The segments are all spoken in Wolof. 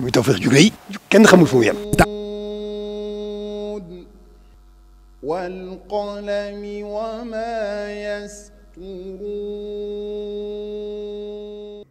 muy Tawfekh ju rëy kenn xamul fu mu yem. wal qalami wa ma yasturuun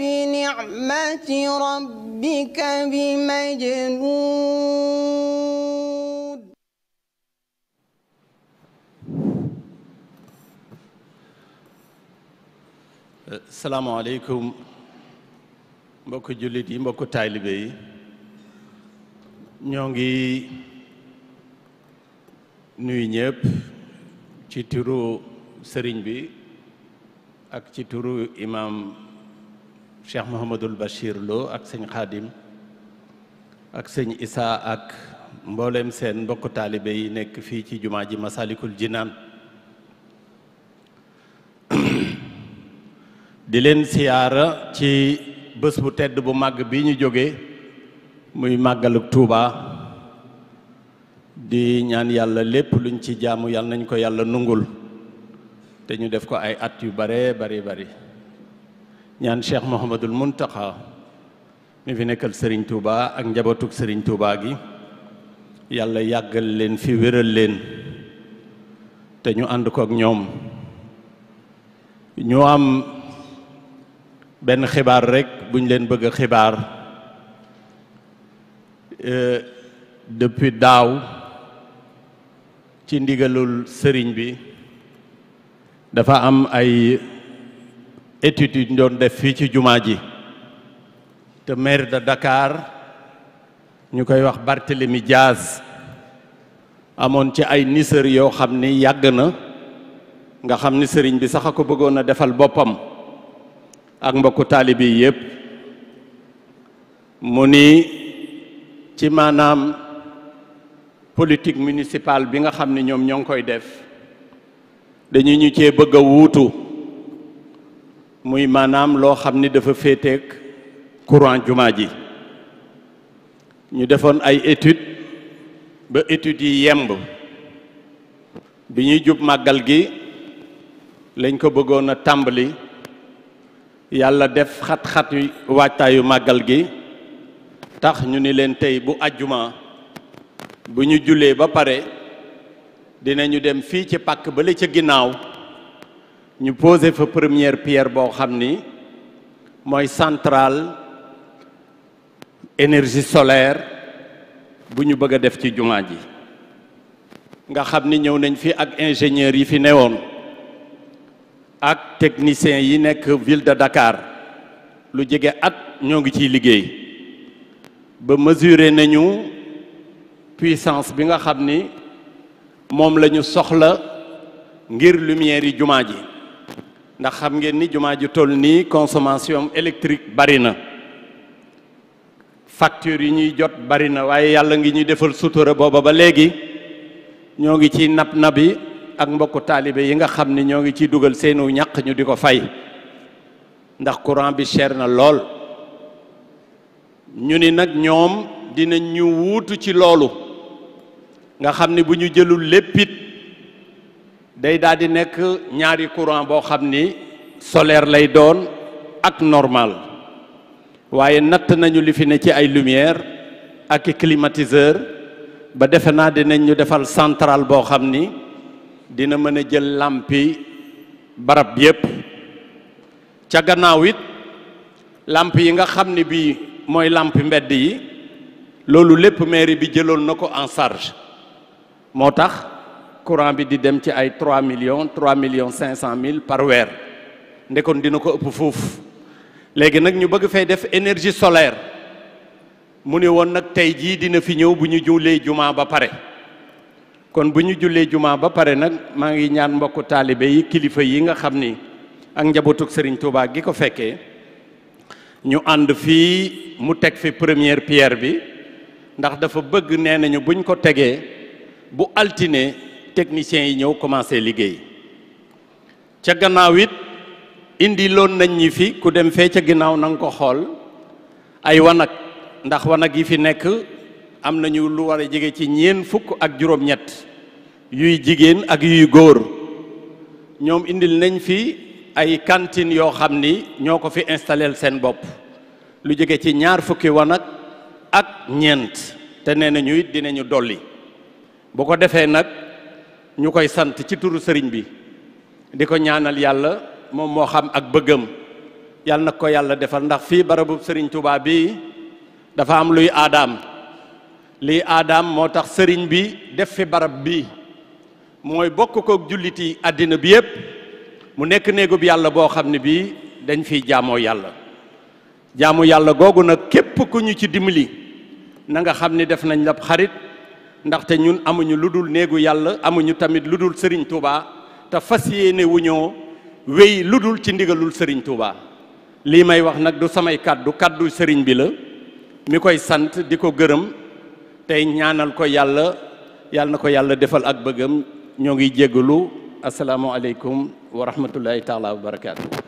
بنعمة ربك بمجنون salaamaaleykum mbokku jullit yi mbokku taalibe yi ñoo ngi nuyu ñëpp ci turu sëriñ bi ak ci turu imam Cheikh Mouhamadul Bachir Lo ak sëñ Xaadim ak sëñ Isaa ak mboolem seen mbokk taalibe yi nekk fii ci jumaa ji Masalikul Jinaan di leen siyaara ci bés bu tedd bu màgg bi ñu jóge muy màggaluk Tuuba di ñaan yàlla lépp luñ ci jaamu yàlla nañ ko yàlla nungul te ñu def ko ay at yu bare bari bari ñaan cheikh mohamadul muntaxa mi fi nekkal sëriñ tuuba ak njabootug sëriñ tuuba gi yàlla yàggal leen fi wéral leen te ñu ànd ko ñoom ñu am benn xibaar rek bu ñu leen bëgg xibaar depuis daaw ci ndigalul sëriñ bi dafa am ay étude yi ñu doon def fii ci jumaa ji te maire de Dakar ñu koy wax Barthélemy Diaz amoon ci ay nisër yoo xam ni yàgg na nga xam ni sëriñ bi sax a ko bëggoon a defal boppam ak mbokku taalibe yépp mu ni ci maanaam politique municipale bi nga xam ni ñoom ñoo ngi koy def dañu ñu cee bëgg a wuutu muy maanaam loo xam ni dafa féeteeg courant jumaa ji ñu defoon ay étude ba études yi yemb bi ñuy jub màggal gi lañ ko bëggoon a tàmbali yàlla def xat-xat waajtaayu màggal gi tax ñu ni leen tey bu ajjuma bu ñu jullee ba pare dinañu dem fii ci pàkk bale ca ginnaaw ñu posé fa première pierre boo xam ni mooy centrale énergie solaire bu ñu bëgg a def ci jumaa ji nga xam ni ñëw nañ fi ak ingénieurs yi fi woon ak techniciens yi nekk ville de Dakar lu jege at ñoo ngi ciy liggéey ba mesurer nañu puissance bi nga xam ni moom la ñu soxla ngir lumière yi jumaa ji ndax xam ngeen ni jumaa ju toll nii consommation électrique bari na facture yi ñuy jot bari na waaye yàlla ngi ñuy defal sutura booba ba léegi ñoo ngi ci nab nabi ak mbokku taalibe yi nga xam ni ñoo ngi ciy dugal seenu ñàq ñu di ko fay ndax courant bi cher na lool ñu ni nag ñoom dina ñu wuutu ci loolu nga xam ni bu ñu jëlul léppit day daal di nekk ñaari courant boo xam ni solaire lay doon ak normal waaye natt nañu li fi ne ci ay lumière ak climatiseur ba defe naa dinañ ñu defal centrale boo xam ni dina mën a jël làmpi barab yépp ca gannaaw it làmp yi nga xam ni bii mooy làmp mbedd yi loolu lépp mairie bi jëlool na ko en charge moo tax courant bi di dem ci ay 3 millions 3 millions 500 mille par weer ndekoon dina ko ëpp foofu léegi nag ñu bëgg fay def énergie solaire mu ne woon nag tey jii dina fi ñëw bu ñu jullee jumaa ba pare kon bu ñu jullee jumaa ba pare nag maa ngi ñaan mbokku taalibe yi kilifa yi nga xam ni ak njabootug sëriñ Touba gi ko fekkee ñu ànd fii mu teg fi première pierre bi ndax dafa bëgg nee nañu buñ ko tegee bu altine techniciens yi ñëw commencé liggéey ca gannaaw it indi loon nañ ñi fi ku dem fee ca ginnaaw na ko xool ay wanag ndax wanag yi fi nekk am nañu lu war a jege ci ñeen fukk ak juróom-ñett yuy jigéen ak yuy góor ñoom indil nañ fi ay cantine yoo xam ni ñoo ko fi installeel seen bopp lu jege ci ñaar fukki wanag ak ñeent te nee nañu it dinañu dolli bu ko defee nag ñu koy sant ci turu sëriñ bi di ko ñaanal yàlla moom moo xam ak bëggam yàlla nag ko yàlla defal ndax fii barabu sëriñ Touba bi dafa am luy aadaam lii aadaam moo tax sëriñ bi def fi barab bi mooy bokk kook jullit àddina bi yépp mu nekk néegub yàlla boo xam ne bii dañ fiy jaamoo yàlla jaamu yàlla googu nag képp ku ñu ci dimmili nanga xam ni def nañ la xarit ndaxte ñun amuñu lu dul néegu yàlla amuñu tamit lu dul sëriñ Touba te fas yéene wuñoo wéy lu dul ci ndigalul sëriñ Touba lii may wax nag du samay kàddu kàddu sëriñ bi la mi koy sant di ko gërëm tey ñaanal ko yàlla yàlla na ko yàlla defal ak bëggam ñoo ngi jéggalu asalaamualeykum wa rahmatullahi taala wa barakaatu.